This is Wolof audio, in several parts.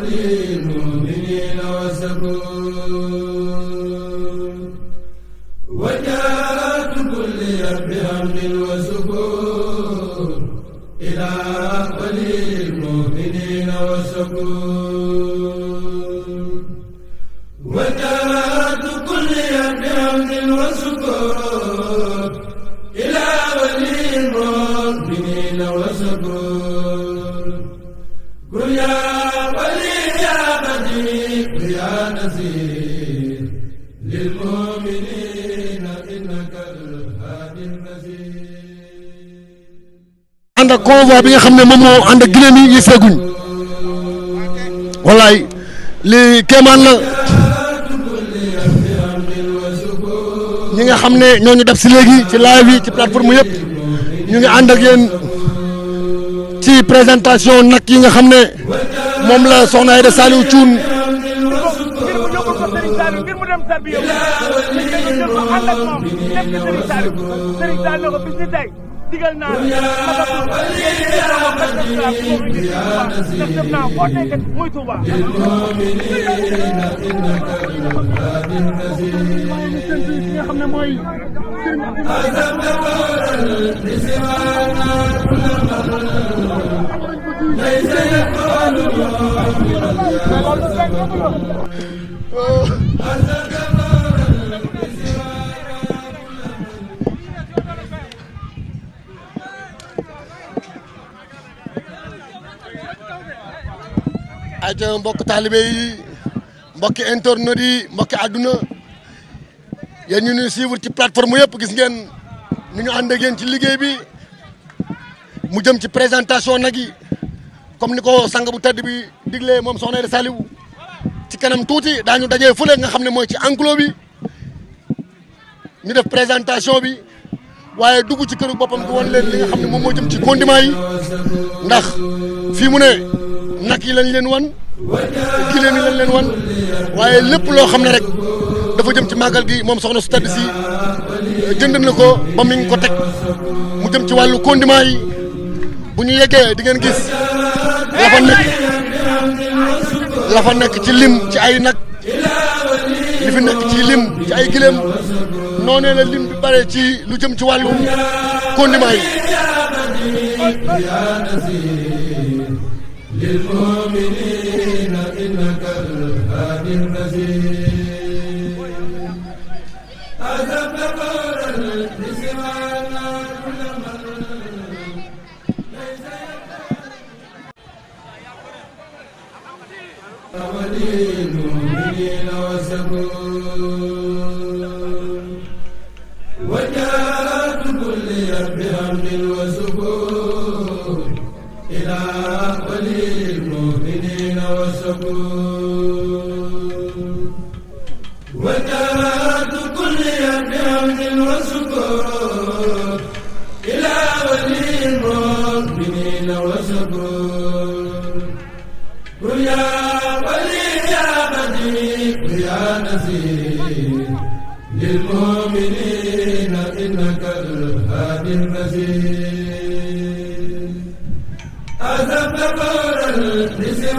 للمؤمنين والسكون وجاءت كل بحمد وسكون إلى ولي المؤمنين والسكون وجاءت كل بحمد وسكون إلى ولي المؤمنين والسكون قل يا ànd ak convoi bi nga xam ne moom moo ànd ak giléem yi seeguñ wallaay li kéemaan la ñi nga xam ne ñoo ñu def si léegi ci live yi ci plateforme yëpp ñu ngi ànd ak yéen ci présentation nag yi nga xam ne moom la soxna Aïda Saliou Thioune ñu jël ko ànd ak moom def ko Serigne Saliou Serigne Saliou ne ko bis ni tey digal naa la ma nga ko ayca mbokk taalibe yi mbokki internautes yi mbokki àdduna yéen ñu ñuy suivre ci plateforme yëpp gis ngeen nu ñu ànd ak yéen ci liggéey bi mu jëm ci présentation nag yi comme ni ko sang bu tedd bi diglee moom soxna Aida Saliou ci kanam tuuti daañu dajee fële nga xam ne mooy ci enclos bi ñu def présentation bi waaye dugg ci këru boppam di woon leen li nga xam ne moom moo jëm ci condiment yi ndax fii mu ne nag yi lañ leen wan lañ leen wan waaye lépp loo xam ne rek dafa jëm ci màggal gi moom soxna su tedd si jënd na ko ba mi ngi ko teg mu jëm ci wàllu condiment yi bu ñu yeggee di ngeen gis la fa nekk ci lim ci ay nag li fi nekk ci lim ci ay giléem noonee la lim bi bare ci lu jëm ci wàllu condiment yi للمؤمنين إنك الهادي الرزيز أذب قولا لسوانا كل من ليس يدعي ولي المؤمنين وسبور للمؤمنين والسكون وترات كل يوم بعمد وسكون إلى ولي المؤمنين وسكون قل يا ولي يا بديع يا نذير للمؤمنين إنك الهادي النذير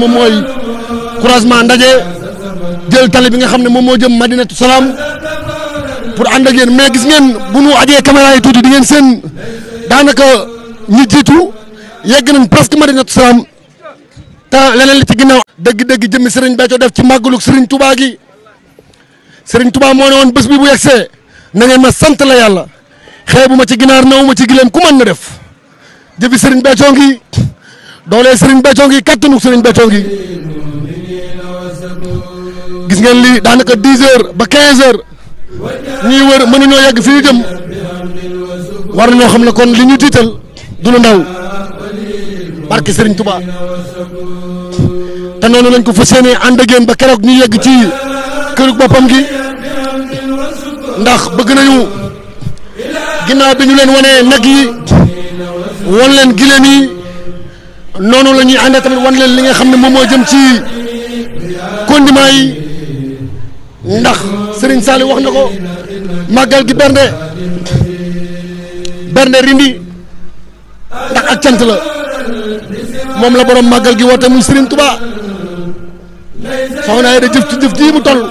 moom mooy croisement ndaje jël tali bi nga xam ne moom moo jëm madinatu salaam pour ànd ak yéen mais gis ngeen bu nu ajee caméra yi tuuti di ngeen seen daanaka ñi jiitu yegg nañ presque Madinatu Salaam te leneen li ci ginnaaw. dëgg-dëgg jëmmi Serigne Béthio def ci màggalug Serigne Touba gi Serigne Touba moo ne woon bés bi bu yegsee see ngeen ma sant la yàlla xeebu ma ci ginaar nawu ma ci gileem ku mën na def jëfi Serigne Béthio ngi doole Serigne Béthio ngi kattanu Serigne Béthio ngi gis ngeen lii daanaka dix heures ba quinze heures ñuy wër mënuñoo yegg fi ñu jëm war nañoo xam ne kon li ñu tiital. du lu ndaw barke Serigne Touba te noonu lañ ko fas yéenee ànd ak ba keroog ñu yegg ci kërug boppam gi ndax bëgg nañu ginnaaw bi ñu leen wanee nag yi wan leen gileem yi noonu la ñuy tamit wan leen li nga xam ne moom moo jëm ci condiment yi ndax Serigne Saliou wax na ko gi bernde rindi ak cant la moom la borom màggal gi woote muy Serigne Touba soxna yi da jëf ci jëf ji mu toll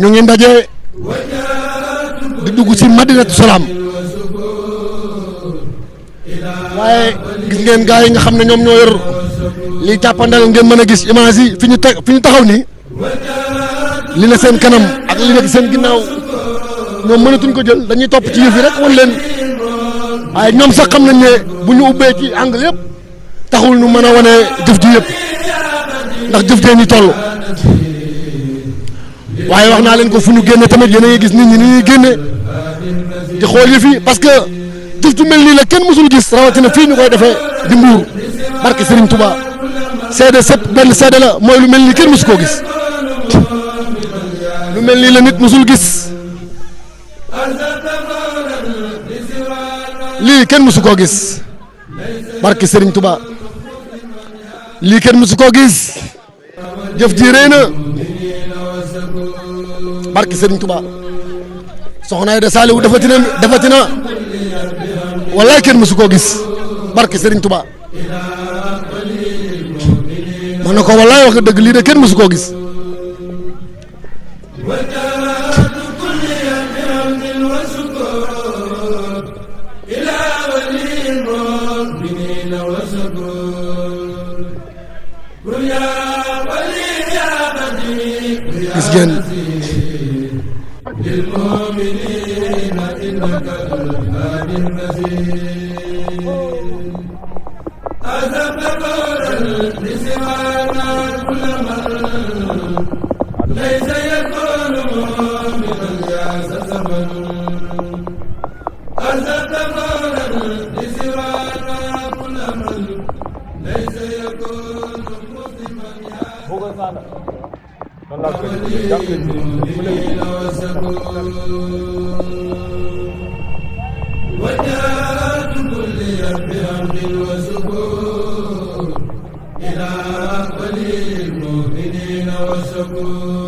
ñu ngi ndaje di dugg ci madinatu salaam waaye gis ngeen gars yi nga xam ne ñoom ñoo yor li jàppandal ngeen mën a gis image yi fi ñu te fi ñu taxaw nii li la seen kanam ak li nekk seen ginnaaw ñoom mënatuñ ko jël dañuy topp ci yëf rek wan leen waaye ñoom sax xam nañ ne bu ñu ubbee ci angle yëpp taxul ñu mën a wane jëf ji yëpp ndax jëf jee ñu toll waaye wax naa leen ko fu ñu génne tamit yéen a gis nit ñi ni ñuy génne di xool yëf jëf ju mel nii la kenn mësul gis rawatina fii ñu koy defee di mbuur barke Serigne Touba seede sëpp benn seede la mooy lu mel nii kenn mësu koo gis lu mel nii la nit mësul gis lii kenn mësu koo gis barke Serigne Touba lii kenn mësu koo gis jëf ji rëy na barke Serigne Touba soxna Aida Saliou dafatina dafatina wallaay kenn mësu koo gis barke Serigne Touba ma ne ko wallaay wax dëgg lii de kenn mësu koo gis. gis ngeen إنك الوهاب المتين أذهب قولا لسوانا كل من ليس يكون مؤمنا الياس زمن أذهب قولا لسوانا كل من ليس يكون مسلما يا man laa ko defee jàppale ji mu nekk ci. ila qalil muminina wa sakur